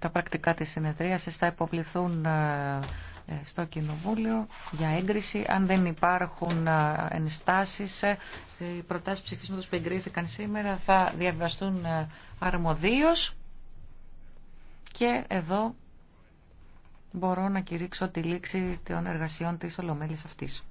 Τα πρακτικά της συνεδρίασης θα υποβληθούν ε, ε, στο Κοινοβούλιο για έγκριση. Αν δεν υπάρχουν ε, ενστάσεις, οι προτάσεις ψηφίσματος που εγκρίθηκαν σήμερα θα διαβαστούν αρμοδίως. Και εδώ μπορώ να κηρύξω τη λήξη των εργασιών της Ολομέλης αυτής.